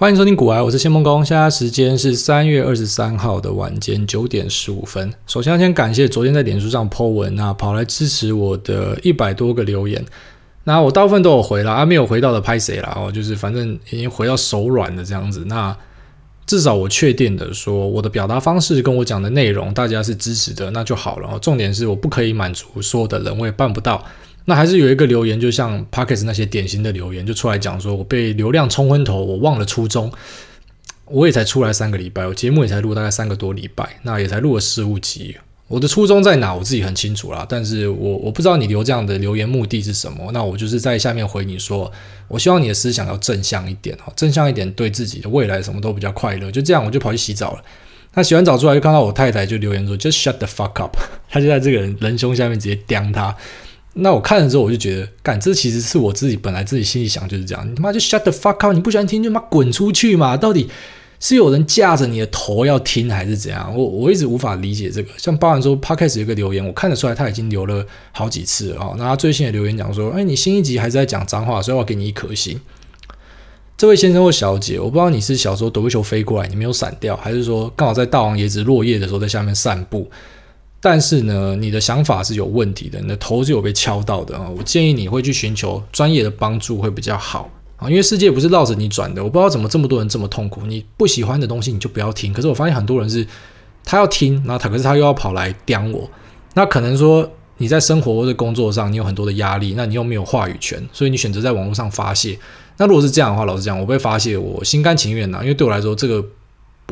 歡迎收聽股癌，我是謝孟恭。現在時間是三月二十三號的晚間九點十五分。首先要先感謝昨天在臉書上 po 文啊，跑來支持我的一百多個留言，那我大部分都有回啦，啊沒有回到的拍謝啦哦，就是反正已經回到手軟的這樣子。那至少我確定的說，我的表達方式跟我講的內容，大家是支持的，那就好了。重點是我不可以滿足所有的人，我也辦不到。那還是有一個留言，就像 Parkes 那些典型的留言，就出來講說，我被流量沖昏頭，我忘了初衷。我也才出來三個禮拜，我節目也才錄大概三個多禮拜，那也才錄了十五集。我的初衷在哪，我自己很清楚啦。但是我我不知道你留這樣的留言目的是什麼？那我就是在下面回你說，我希望你的思想要正向一點哈，正向一點，對自己的未來什麼都比較快樂。就這樣，我就跑去洗澡了。那洗完澡出來，就看到我太太就留言說，Just shut the fuck up。他就在這個人，人胸下面直接叼他。那我看了之後，我就覺得，幹。這其實是我自己本來自己心裡想就是這樣，你他媽就 shut the fuck up，你不喜歡聽就媽滾出去嘛！到底是有人架着你的頭要聽還是怎樣？我我一直無法理解這個。像包含說 Parker 有一個留言，我看得出來他已經留了好幾次哦。那他最新的留言講說，哎、欸，你新一集還是在講髒話，所以我給你一顆星。這位先生或小姐，我不知道你是小時候躲避球飛過來，你沒有閃掉，還是說剛好在大王椰子落葉的時候在下面散步？但是呢，你的想法是有問題的，你的頭是有被敲到的啊、哦！我建議你會去尋求專業的幫助會比較好啊，因為世界不是繞着你轉的。我不知道怎麼這麼多人這麼痛苦，你不喜歡的東西你就不要聽。可是我發現很多人是，他要聽，然後他可是他又要跑來刁我。那可能說你在生活或者工作上你有很多的壓力，那你又沒有話語權，所以你選擇在網絡上發洩。那如果是這樣的話，老實講，我被發洩，我心甘情願吶、啊，因為對我來說這個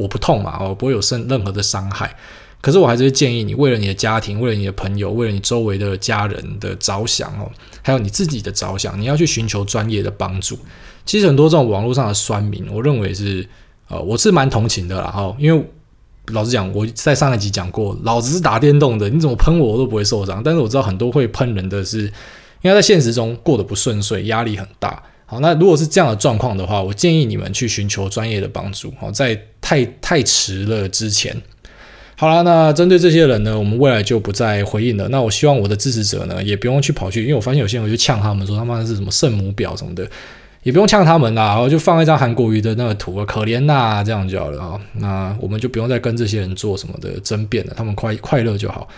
我不痛嘛，我不會有任何的傷害。可是我還是會建議你，為了你的家庭，為了你的朋友，為了你周圍的家人的着想哦，還有你自己的着想，你要去尋求專業的幫助。其實很多這種網絡上的酸民，我認為是呃，我是蠻同情的啦。然後，因為老實講，我在上一集講過，老子是打電動的，你怎麼噴我，我都不會受傷。但是我知道很多會噴人的是，因為在現實中過得不順遂，壓力很大。好，那如果是這樣的狀況的話，我建議你們去尋求專業的幫助。好，在太太遲了之前。好了，那針對這些人呢，我們未來就不再回應了。那我希望我的支持者呢，也不用去跑去，因為我發現有些人，我就嗆他們說他媽的是什麼聖母婊什麼的，也不用嗆他們啦，然後就放一張韓國瑜的那個圖，可憐吶，這樣就好了啊、哦。那我們就不用再跟這些人做什麼的爭辯了，他們快快樂就好。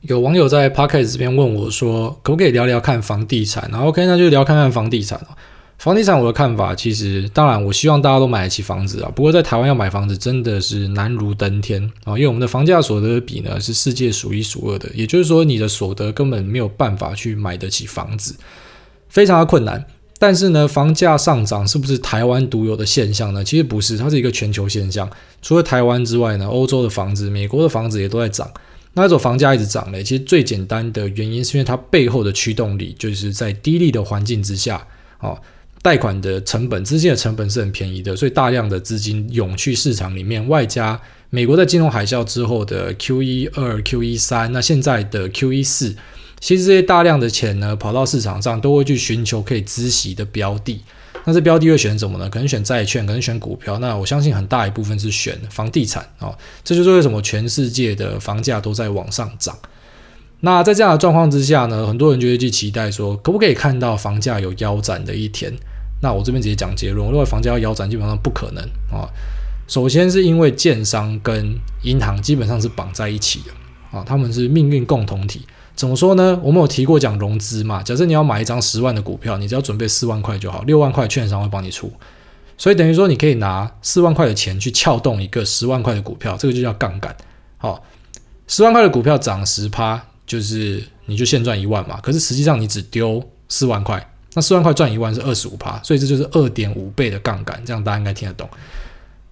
有網友在 Pocket 這邊問我說，可不可以聊聊看房地產啊？OK，那就聊看看房地產房地產，我的看法其實，當然，我希望大家都買得起房子啊。不過，在台灣要買房子真的是難如登天啊，因為我們的房價所得的比呢是世界數一數二的，也就是說，你的所得根本沒有辦法去買得起房子，非常的困難。但是呢，房價上漲是不是台灣獨有的現象呢？其實不是，它是一個全球現象。除了台灣之外呢，歐洲的房子、美國的房子也都在漲，那一種房價一直漲呢？其實最簡單的原因是因為它背後的驅動力就是在低利的環境之下啊。哦貸款的成本，資金的成本是很便宜的，所以大量的資金湧去市場裡面，外加美國在金融海嘯之後的 QE2、QE3，那現在的 QE4，其實這些大量的錢呢，跑到市場上都會去尋求可以孳息的標的，那這標的會選什麼呢？可能選債券，可能選股票，那我相信很大一部分是選房地產啊、哦，這就是為什麼全世界的房價都在往上漲。那在這樣的狀況之下呢，很多人就會去期待說，可不可以看到房價有腰斬的一天？那我這邊直接講結論，我認為房價要腰斬基本上不可能啊、哦。首先是因為建商，跟銀行基本上是綁在一起的啊、哦，他們是命運共同體。怎麼說呢？我們有提過講融資嘛？假設你要買一張十萬的股票，你只要準備四萬塊就好，六萬塊券商會幫你出。所以等於說你可以拿四萬塊的錢去撬動一個十萬塊的股票，這個就叫槓桿。好、哦，十萬塊的股票漲十趴，就是你就現賺一萬嘛。可是實際上你只丟四萬塊。那四萬塊賺一萬是二十五趴，所以這就是二點五倍的槓桿，這樣大家應該聽得懂。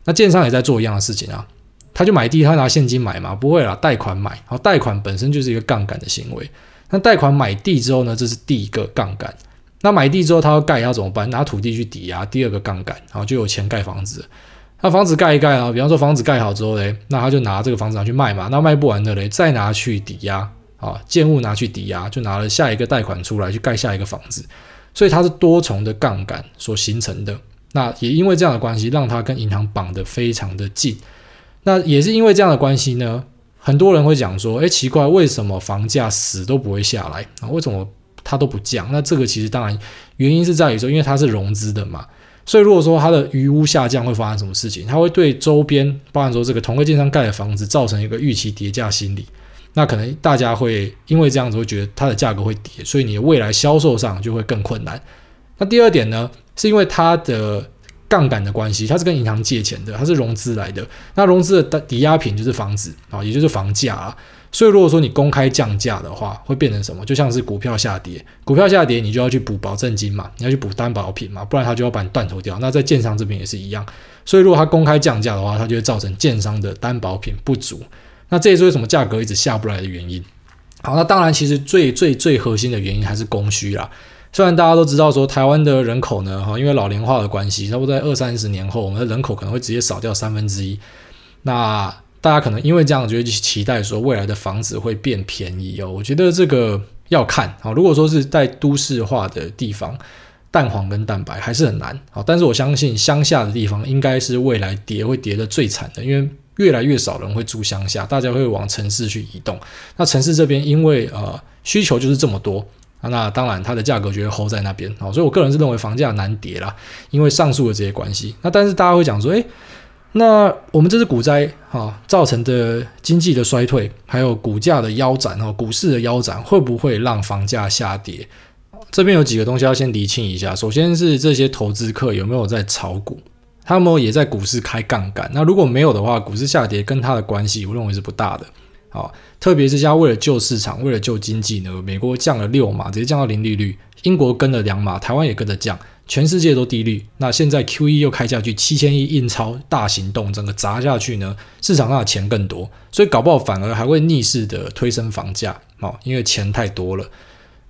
那建商也在做一樣的事情啊，他就買地，他拿現金買嘛？不會啦，貸款買。好，貸款本身就是一個槓桿的行為。那貸款買地之後呢，這是第一個槓桿。那買地之後，他要蓋要怎麼辦？拿土地去抵押，第二個槓桿，然後就有錢蓋房子。那房子蓋一蓋啊，比方說房子蓋好之後嘞，那他就拿這個房子拿去賣嘛，那賣不完的嘞，再拿去抵押啊，建物拿去抵押，就拿了下一個貸款出來去蓋下一個房子。所以它是多重的槓桿所形成的，那也因為這樣的關係，讓它跟銀行綁得非常的近。那也是因為這樣的關係呢，很多人會講說，哎，奇怪，為什麼房價死都不會下來？啊，為什麼它都不降？那這個其實當然原因是在於說，因為它是融資的嘛。所以如果說它的餘屋下降，會發生什麼事情？它會對周邊，包含說這個同個建商蓋的房子，造成一個預期跌價心理。那可能大家會因為這樣子會覺得它的價格會跌，所以你的未來銷售上就會更困難。那第二點呢，是因為它的槓桿的關係，它是跟銀行借錢的，它是融資來的。那融資的抵押品就是房子啊，也就是房價啊。所以如果說你公開降價的話，會變成什麼？就像是股票下跌，股票下跌你就要去補保證金嘛，你要去補擔保品嘛，不然它就要把你斷頭掉。那在建商這邊也是一樣，所以如果它公開降價的話，它就會造成建商的擔保品不足。那這也是為什麼價格一直下不來的原因。好，那當然，其實最最最核心的原因還是供需啦。雖然大家都知道說，台灣的人口呢，哈，因為老齡化的關係，差不多在二三十年後，我們的人口可能會直接少掉三分之一。那大家可能因為這樣，就會期待說未來的房子會變便宜哦。我覺得這個要看啊，如果說是在都市化的地方，蛋黃跟蛋白還是很難。好，但是我相信鄉下的地方應該是未來跌會跌得最慘的，因為越來越少人會住鄉下，大家會往城市去移動。那城市這邊因為呃需求就是這麼多、啊，那當然它的價格就會 hold 在那邊哦。所以我個人是認為房價難跌啦，因為上述的這些關係。那但是大家會講說，誒，那我們這次股災啊、哦、造成的經濟的衰退，還有股價的腰斬哦，股市的腰斬會不會讓房價下跌？這邊有幾個東西要先釐清一下。首先是這些投資客有沒有在炒股？他們也在股市開槓桿。那如果沒有的話，股市下跌跟他的關係，我認為是不大的。哦、特別是家為了救市場、為了救經濟呢，美國降了六碼，直接降到零利率；英國跟了兩碼，台灣也跟着降，全世界都低利率。那現在 Q E 又開下去，七千億印鈔大行動，整個砸下去呢，市場上的錢更多，所以搞不好反而還會逆勢的推升房價、哦、因為錢太多了。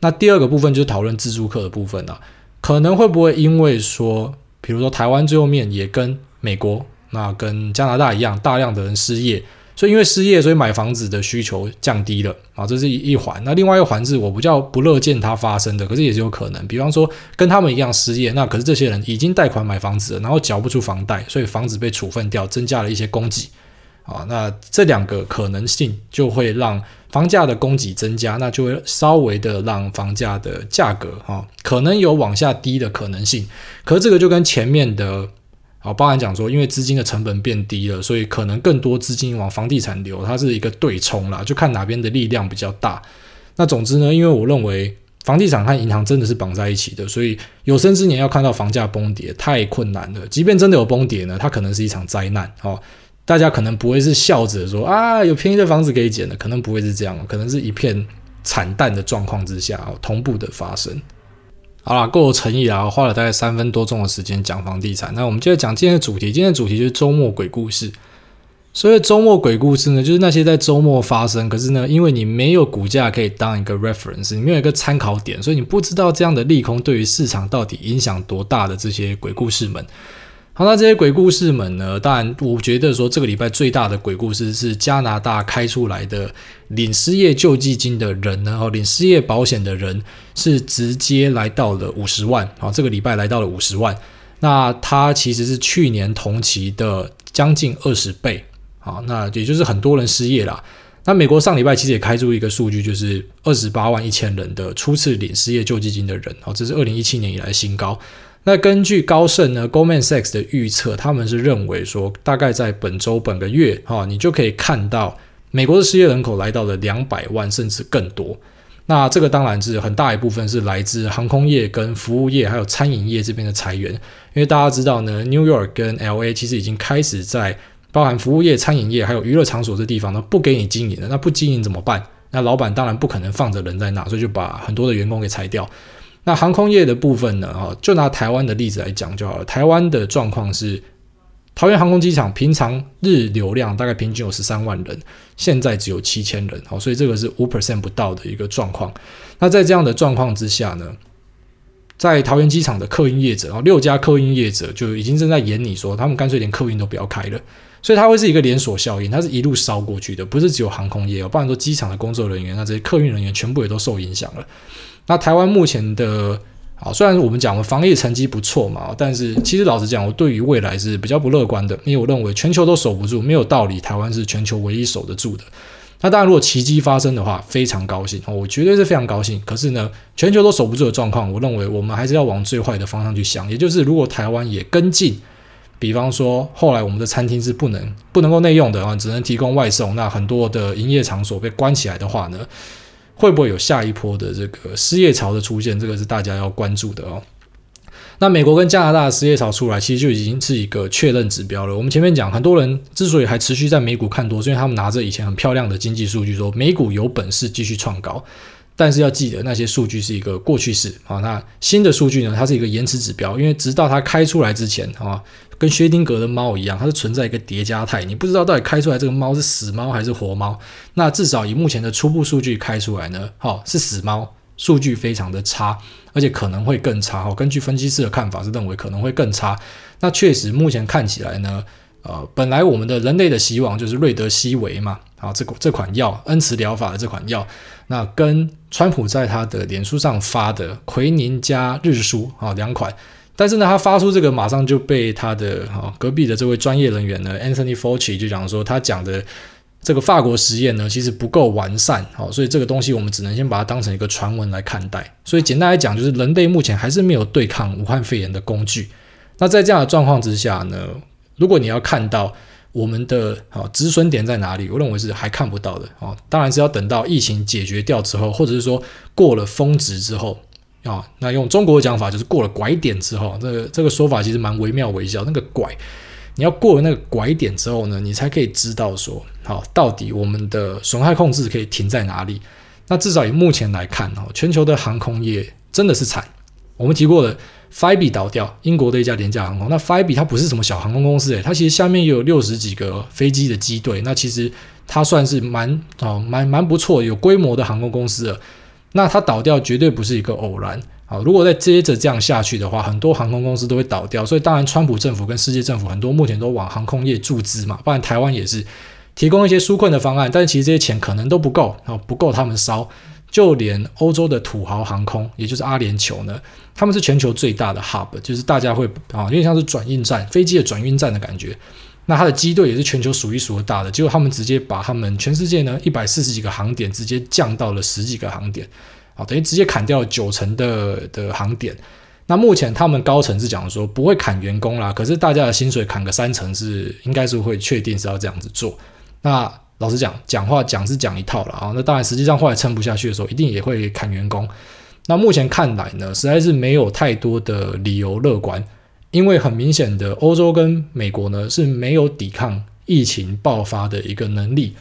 那第二個部分就是討論自住客的部分、啊、可能會不會因為說？比如說，台灣最後面也跟美國、那跟加拿大一樣，大量的人失業，所以因為失業，所以買房子的需求降低了啊，這是一，一環。那另外一個環是，我不叫不樂見它發生的，可是也是有可能。比方說，跟他們一樣失業，那可是這些人已經貸款買房子了，然後繳不出房貸，所以房子被處分掉，增加了一些供給。啊，那這兩個可能性就會讓房價的供給增加，那就會稍微的讓房價的價格哈、哦、可能有往下低的可能性。可是這個就跟前面的啊，包含講說，因為資金的成本變低了，所以可能更多資金往房地產流，它是一個對沖啦，就看哪邊的力量比較大。那總之呢，因為我認為房地產和銀行真的是綁在一起的，所以有生之年要看到房價崩跌太困難了。即便真的有崩跌呢，它可能是一場災難啊。哦大家可能不會是笑着說啊，有便宜的房子可以撿的，可能不會是這樣，可能是一片慘淡的狀況之下同步的發生。好啦，夠有誠意啊，花了大概三分多鐘的時間講房地產。那我們接着講今天的主題，今天的主題就是周末鬼故事。所以周末鬼故事呢，就是那些在周末發生，可是呢，因為你沒有股價可以當一個 reference，你沒有一個參考點，所以你不知道這樣的利空對於市場到底影響多大的這些鬼故事們。好，那這些鬼故事們呢？當然，我覺得說這個禮拜最大的鬼故事是加拿大開出來的領失業救濟金的人呢，和，領失業保險的人是直接來到了五十萬，好，這個禮拜來到了五十萬。那它其實是去年同期的將近二十倍，好，那也就是很多人失業啦。那美國上禮拜其實也開出一個數據，就是二十八萬一千人的初次領失業救濟金的人，好，這是二零一七年以來新高。那根據高盛呢，Goldman Sachs 的預測，他們是認為說，大概在本週、本個月，哈，你就可以看到美國的失業人口來到了兩百萬甚至更多。那這個當然是很大一部分是來自航空業、跟服務業、還有餐飲業這邊的裁員。因為大家知道呢，New York 跟 LA 其實已經開始在包含服務業、餐飲業還有娛樂場所這地方呢，不給你經營了。那不經營怎麼辦？那老闆當然不可能放着人在那，所以就把很多的員工給裁掉。那航空業的部分呢？啊，就拿台灣的例子來講就好了。台灣的狀況是，桃園航空機場平常日流量大概平均有十三萬人，現在只有七千人，好，所以這個是五 percent 不到的一個狀況。那在這樣的狀況之下呢，在桃園機場的客運業者，然後六家客運業者就已經正在演，你說他們乾脆連客運都不要開了。所以它會是一個連鎖效應，它是一路燒過去的，不是只有航空業哦，不然說機場的工作人員，那這些客運人員全部也都受影響了。那台灣目前的啊，雖然我們講的防疫成績不錯嘛，但是其實老實講，我對於未來是比較不樂觀的，因為我認為全球都守不住，沒有道理，台灣是全球唯一守得住的。那當然，如果奇蹟發生的話，非常高興，我絕對是非常高興。可是呢，全球都守不住的狀況，我認為我們還是要往最壞的方向去想，也就是如果台灣也跟進，比方說後來我們的餐廳是不能不能夠內用的，只能提供外送，那很多的營業場所被關起來的話呢？會不會有下一波的這個失業潮的出現？這個是大家要關注的哦。那美國跟加拿大的失業潮出來，其實就已經是一個確認指標了。我們前面講，很多人之所以還持續在美股看多，是因為他們拿着以前很漂亮的經濟數據說，說美股有本事繼續創高。但是要記得，那些數據是一個過去式啊、哦。那新的數據呢？它是一個延遲指標，因為直到它開出來之前啊、哦，跟薛丁格的貓一樣，它是存在一個疊加態，你不知道到底開出來這個貓是死貓還是活貓。那至少以目前的初步數據開出來呢，哈、哦，是死貓，數據非常的差，而且可能會更差。哈、哦，根據分析師的看法是認為可能會更差。那確實目前看起來呢，呃，本來我們的人類的希望就是瑞德西韋嘛，啊、哦，這這款藥，恩慈療法的這款藥。那跟川普在他的臉書上發的奎寧加日舒啊兩、哦、款，但是呢，他發出這個馬上就被他的啊、哦、隔壁的這位專業人員呢，Anthony Fauci 就講說，他講的這個法國實驗呢，其實不夠完善，好、哦，所以這個東西我們只能先把它當成一個傳聞來看待。所以簡單來講，就是人類目前還是沒有對抗武漢肺炎的工具。那在這樣的狀況之下呢，如果你要看到。我們的啊，止損點在哪裡？我認為是還看不到的哦。當然是要等到疫情解決掉之後，或者是說過了峰值之後啊、哦。那用中國的講法就是過了拐點之後，這個、這個說法其實蠻微妙微妙。那個拐，你要過了那個拐點之後呢，你才可以知道說好、哦、到底我們的損害控制可以停在哪裡。那至少以目前來看哦，全球的航空業真的是慘。我們提過的。f 比 b 倒掉，英國的一家廉價航空。那 f 比 b 它不是什麼小航空公司哎、欸，它其實下面也有六十幾個飛機的機隊。那其實它算是蠻哦、蠻蠻不錯、有規模的航空公司的。那它倒掉絕對不是一個偶然。好、哦，如果再接着這樣下去的話，很多航空公司都會倒掉。所以當然，川普政府跟世界政府很多目前都往航空業注資嘛，不然台灣也是提供一些紓困的方案。但是其實這些錢可能都不夠、哦，不夠他們燒。就連歐洲的土豪航空，也就是阿聯酋呢，他們是全球最大的 hub，就是大家會啊，哦、有點像是轉運站、飛機的轉運站的感覺。那它的機隊也是全球數一數二大的，結果他們直接把他們全世界呢一百四十幾個航點直接降到了十幾個航點，好、哦，等於直接砍掉九成的的航點。那目前他們高層是講說不會砍員工啦，可是大家的薪水砍個三成是應該是會確定是要這樣子做。那老實講，講話講是講一套了啊。那當然，實際上後來撐不下去的時候，一定也會砍員工。那目前看來呢，實在是沒有太多的理由樂觀，因為很明顯的，歐洲跟美國呢是沒有抵抗疫情爆發的一個能力。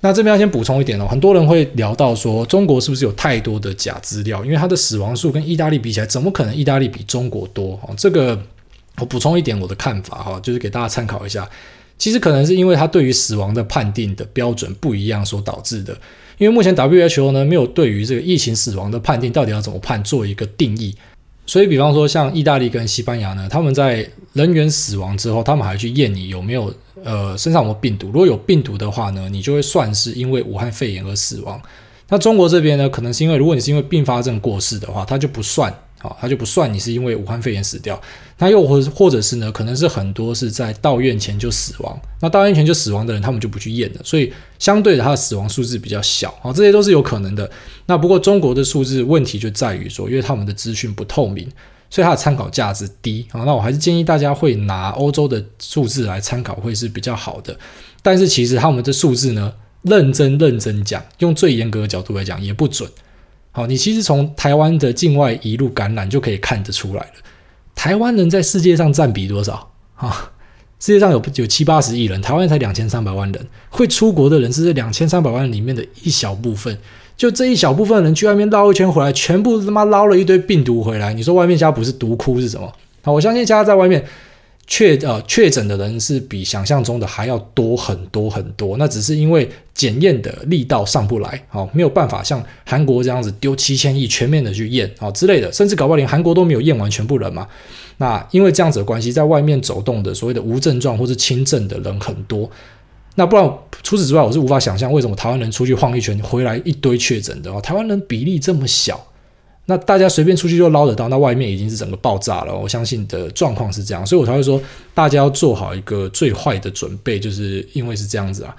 那這邊要先補充一點哦，很多人會聊到說，中國是不是有太多的假資料？因為它的死亡數跟意大利比起來，怎麼可能意大利比中國多？這個我補充一點我的看法哈，就是給大家參考一下。其實可能是因為他對於死亡的判定的標準不一樣所導致的，因為目前 WHO 呢沒有對於這個疫情死亡的判定到底要怎麼判做一個定義，所以比方說像意大利跟西班牙呢，他們在人員死亡之後，他們還去驗你有沒有呃、身上有沒有病毒，如果有病毒的話呢，你就會算是因為武漢肺炎而死亡。那中國這邊呢，可能是因為如果你是因為併發症過世的話，他就不算。好，他就不算你是因為武漢肺炎死掉，那又或或者是呢，可能是很多是在到院前就死亡，那到院前就死亡的人，他們就不去驗了，所以相對的他的死亡數字比較小，啊，這些都是有可能的。那不過中國的數字問題就在於說，因為他們的資訊不透明，所以他的參考價值低。啊，那我還是建議大家會拿歐洲的數字來參考會是比較好的。但是其實他們的數字呢，認真認真講，用最嚴格的角度來講，也不準。好，你其實從台灣的境外一路感染就可以看得出來了。台灣人在世界上佔比多少啊？世界上有有七八十億人，台灣才兩千三百萬人。會出國的人是這兩千三百萬裡面的一小部分，就這一小部分人去外面繞一圈回來，全部他媽撈了一堆病毒回來。你說外面家不是毒窟是什麼？好，我相信家在外面。確呃確診的人是比想象中的還要多很多很多，那只是因為檢驗的力道上不來，好、哦、沒有辦法像韓國這樣子丟七千億全面的去驗啊、哦、之類的，甚至搞不好連韓國都沒有驗完全部人嘛。那因為這樣子的關係，在外面走動的所謂的無症狀或是輕症的人很多。那不然除此之外，我是無法想象為什麼台灣人出去晃一圈回來一堆確診的、哦、台灣人比例這麼小。那大家隨便出去就撈得到，那外面已經是整個爆炸了。我相信的狀況是這樣，所以我才會說大家要做好一個最壞的準備，就是因為是這樣子啊。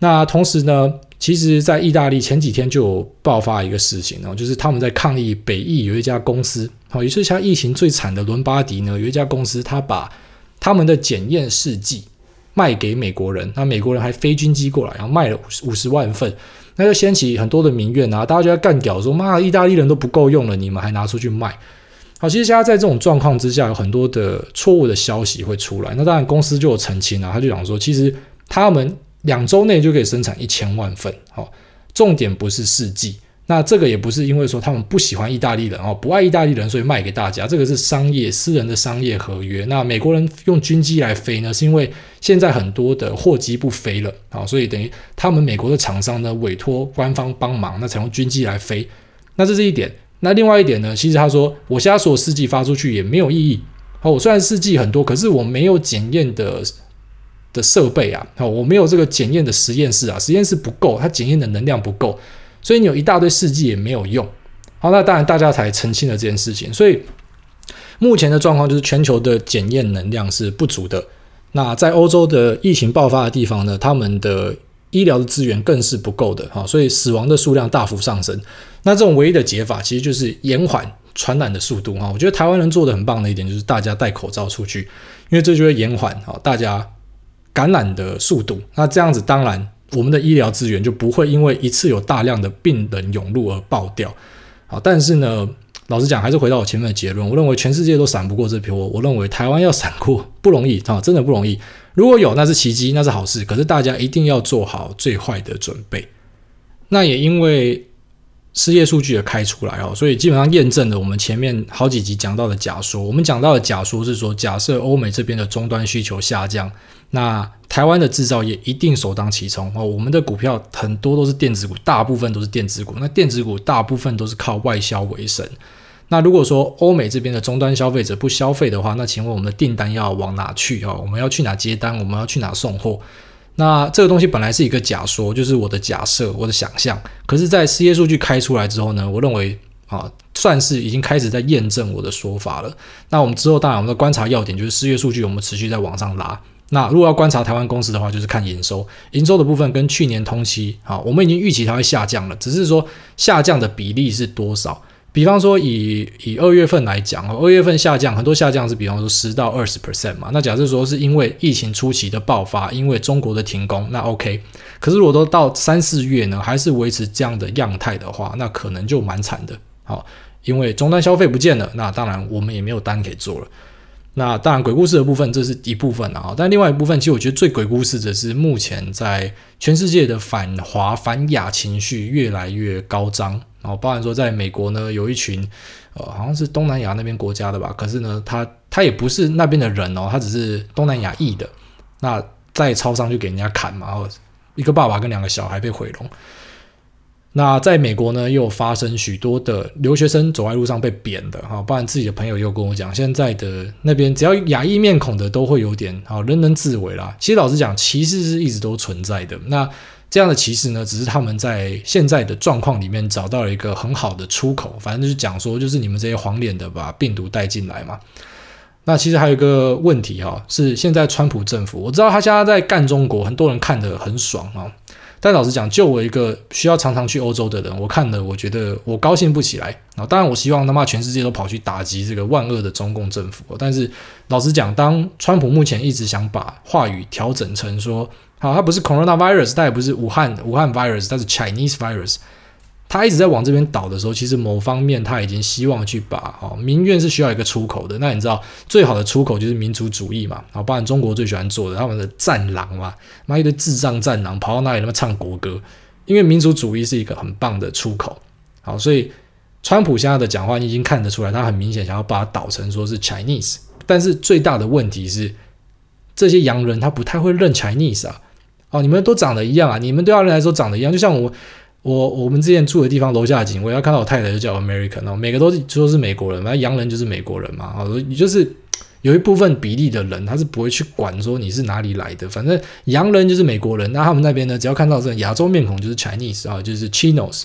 那同時呢，其實，在意大利前幾天就有爆發一個事情哦，就是他們在抗議北意有一家公司，好，也是像疫情最慘的倫巴第呢，有一家公司，他把他們的檢驗試劑賣給美國人，那美國人還飛軍機過來，然後賣了五十萬份。那就掀起很多的民怨啊！大家就要幹掉說，說媽，意大利人都不夠用了，你們還拿出去賣？好，其實現在在這種狀況之下，有很多的錯誤的消息會出來。那當然，公司就有澄清了、啊，他就講說，其實他們兩周內就可以生產一千萬份。好、哦，重點不是試劑。那這個也不是因為說他們不喜歡意大利人哦，不愛意大利人，所以賣給大家。這個是商業私人的商業合約。那美國人用軍機來飛呢，是因為現在很多的貨機不飛了啊，所以等於他們美國的廠商呢委托官方幫忙，那才用軍機來飛。那這是一點。那另外一點呢，其實他說，我現在所有試劑發出去也沒有意義。好，我雖然試劑很多，可是我沒有檢驗的的設備啊，好，我沒有這個檢驗的實驗室啊，實驗室不夠，它檢驗的能量不夠。所以你有一大堆試劑也沒有用，好，那當然大家才澄清了這件事情。所以目前的狀況就是全球的檢驗能量是不足的。那在歐洲的疫情爆發的地方呢，他們的醫療的資源更是不夠的，哈，所以死亡的數量大幅上升。那這種唯一的解法其實就是延緩傳染的速度，哈。我覺得台灣人做得很棒的一點就是大家戴口罩出去，因為這就會延緩，哈，大家感染的速度。那這樣子當然。我們的醫療資源就不會因為一次有大量的病人湧入而爆掉，好，但是呢，老實講，還是回到我前面的結論，我認為全世界都閃不過這波。我認為台灣要閃過不容易啊，哦，真的不容易。如果有，那是奇蹟，那是好事。可是大家一定要做好最壞的準備。那也因為。失業數據也開出來哦，所以基本上驗證了我們前面好幾集講到的假說。我們講到的假說是說，假設歐美這邊的終端需求下降，那台灣的制造業一定首當其衝哦。我們的股票很多都是電子股，大部分都是電子股。那電子股大部分都是靠外銷為生。那如果說歐美這邊的終端消費者不消費的話，那請問我們的訂單要往哪去哦，我們要去哪接單？我們要去哪送貨？那這個東西本來是一個假說，就是我的假設，我的想象。可是，在失業數據開出來之後呢，我認為啊，算是已經開始在驗證我的說法了。那我們之後當然，我們的觀察要點就是失業數據我們持續在往上拉。那如果要觀察台灣公司的話，就是看營收，營收的部分跟去年同期啊，我們已經預期它會下降了，只是說下降的比例是多少。比方說以，以以二月份來講，二月份下降很多，下降是比方說十到二十 percent 嘛。那假設說是因為疫情初期的爆發，因為中國的停工，那 OK。可是如果都到三四月呢，還是維持這樣的樣態的話，那可能就蠻慘的。好、哦，因為終端消費不見了，那當然我們也沒有單可以做了。那當然鬼故事的部分，這是一部分啊。但另外一部分，其實我覺得最鬼故事的是，目前在全世界的反華反亞情緒越來越高漲。然、哦、包含說，在美國呢，有一群，呃、哦，好像是東南亞那邊國家的吧，可是呢，他他也不是那邊的人哦，他只是東南亞裔的。那在超商就給人家砍嘛，哦、一個爸爸跟兩個小孩被毀容。那在美國呢，又發生許多的留學生走在路上被貶的哈，不、哦、然自己的朋友又跟我講，現在的那邊只要亞裔面孔的都會有點啊、哦，人人自危啦。其實老實講，歧視是一直都存在的。那這樣的歧視呢，只是他們在現在的狀況裡面找到了一個很好的出口。反正就是講說，就是你們這些黃臉的把病毒帶進來嘛。那其實還有一個問題啊、哦，是現在川普政府，我知道他現在在幹中國，很多人看得很爽啊、哦。但老實講，就我一個需要常常去歐洲的人，我看了我覺得我高興不起來啊、哦。當然，我希望他媽全世界都跑去打擊這個萬惡的中共政府、哦。但是老實講，當川普目前一直想把話語調整成說，好，它不是 Corona virus，它也不是武漢武漢 virus，它是 Chinese virus。它一直在往這邊倒的時候，其實某方面他已經希望去把哦，民怨是需要一個出口的。那你知道最好的出口就是民族主義嘛？好，包含中國最喜歡做的，他們的戰狼嘛，他們一堆智障戰狼跑到那裡他媽唱國歌，因為民族主義是一個很棒的出口。好，所以川普現在的講話你已經看得出來，他很明顯想要把它倒成說是 Chinese，但是最大的問題是這些洋人他不太會認 Chinese 啊。哦，你們都長得一樣啊！你們對洋人來說長得一樣，就像我，我我們之前住的地方樓下警衛，他看到我太太就叫 American 哦，每個都是都是美國人，那洋人就是美國人嘛。哦，也就是有一部分比例的人，他是不會去管說你是哪裡來的，反正洋人就是美國人。那、啊、他們那邊呢，只要看到這亞洲面孔就是 Chinese 啊、哦，就是 Chinos。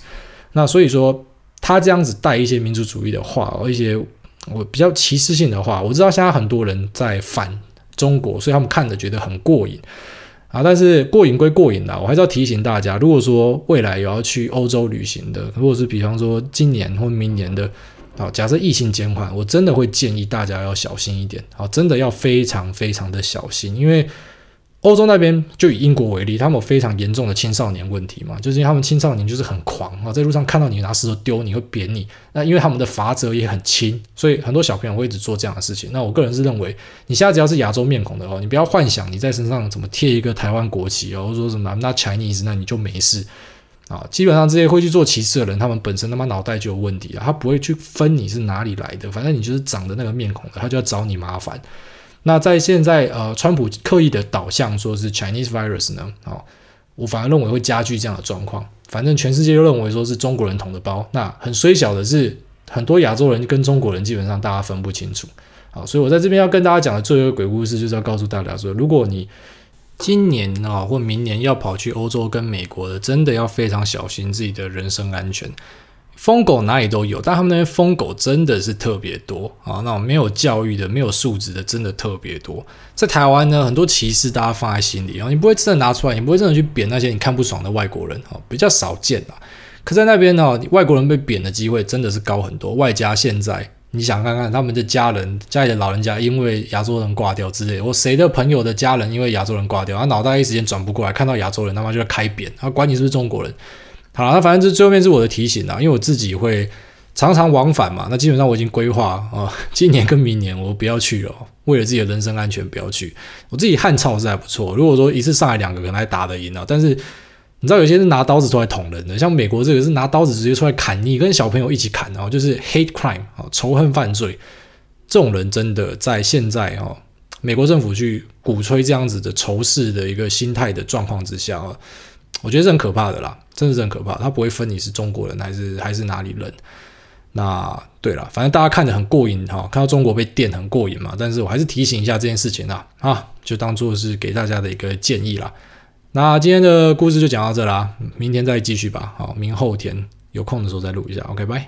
那所以說他這樣子帶一些民族主義的話，或、哦、一些我、哦、比較歧視性的話，我知道現在很多人在反中國，所以他們看着覺得很過癮。啊，但是過癮歸過癮的，我還是要提醒大家，如果說未來有要去歐洲旅行的，如果是比方說今年或明年的，好，假設疫情減緩，我真的會建議大家要小心一點，好，真的要非常非常的小心，因為。歐洲那邊就以英國為例，他們有非常嚴重的青少年問題嘛，就是因為他們青少年就是很狂啊、哦，在路上看到你拿石頭丟你會扁你，那因為他們的法則也很輕，所以很多小朋友會一直做這樣的事情。那我個人是認為，你現在只要是亞洲面孔的話，你不要幻想你在身上怎麼貼一個台灣國旗、哦，然後說什麼那 Chinese，那你就沒事啊、哦。基本上這些會去做歧視的人，他們本身他媽腦袋就有問題啊，他不會去分你是哪裡來的，反正你就是長得那個面孔的，他就要找你麻煩。那在現在，呃，川普刻意的導向說是 Chinese virus 呢？哦，我反而認為會加劇這樣的狀況。反正全世界都認為說是中國人捅的包。那很衰小的是，很多亞洲人跟中國人基本上大家分不清楚。好、哦，所以我在這邊要跟大家講的最後一個鬼故事，就是要告訴大家說，如果你今年啊、哦、或明年要跑去歐洲跟美國的，真的要非常小心自己的人身安全。瘋狗哪裡都有，但他們那邊瘋狗真的是特別多啊！那種沒有教育的、沒有素質的，真的特別多。在台灣呢，很多歧視大家放在心裡，啊，你不會真的拿出來，你不會真的去扁那些你看不爽的外國人啊，比較少見啊。可在那邊呢，外國人被扁的機會真的是高很多。外加現在你想看看他們的家人、家裡的老人家，因為亞洲人掛掉之類，我誰的朋友的家人因為亞洲人掛掉，他腦袋一時間轉不過來，看到亞洲人他媽就要開扁，他管你是不是中國人。好了，那反正這最後面是我的提醒啦。因為我自己會常常往返嘛。那基本上我已經規劃啊，今年跟明年我不要去了，哦，為了自己的人身安全不要去。我自己漢草是還不錯，如果說一次上來兩個可能還打得贏啊，哦，但是你知道有些是拿刀子出來捅人的，像美國這個是拿刀子直接出來砍你，跟小朋友一起砍，哦，然後就是 hate crime 啊，哦，仇恨犯罪。這種人真的在現在哦，美國政府去鼓吹這樣子的仇視的一個心態的狀況之下哦。我覺得是很可怕的啦，真的是很可怕。他不會分你是中國人還是還是哪裡人。那對了，反正大家看着很過癮哈，哦，看到中國被電很過癮嘛。但是我還是提醒一下這件事情啊，啊，就當做是給大家的一個建議啦。那今天的故事就講到這啦，明天再繼續吧。好，明後天有空的時候再錄一下。OK，拜。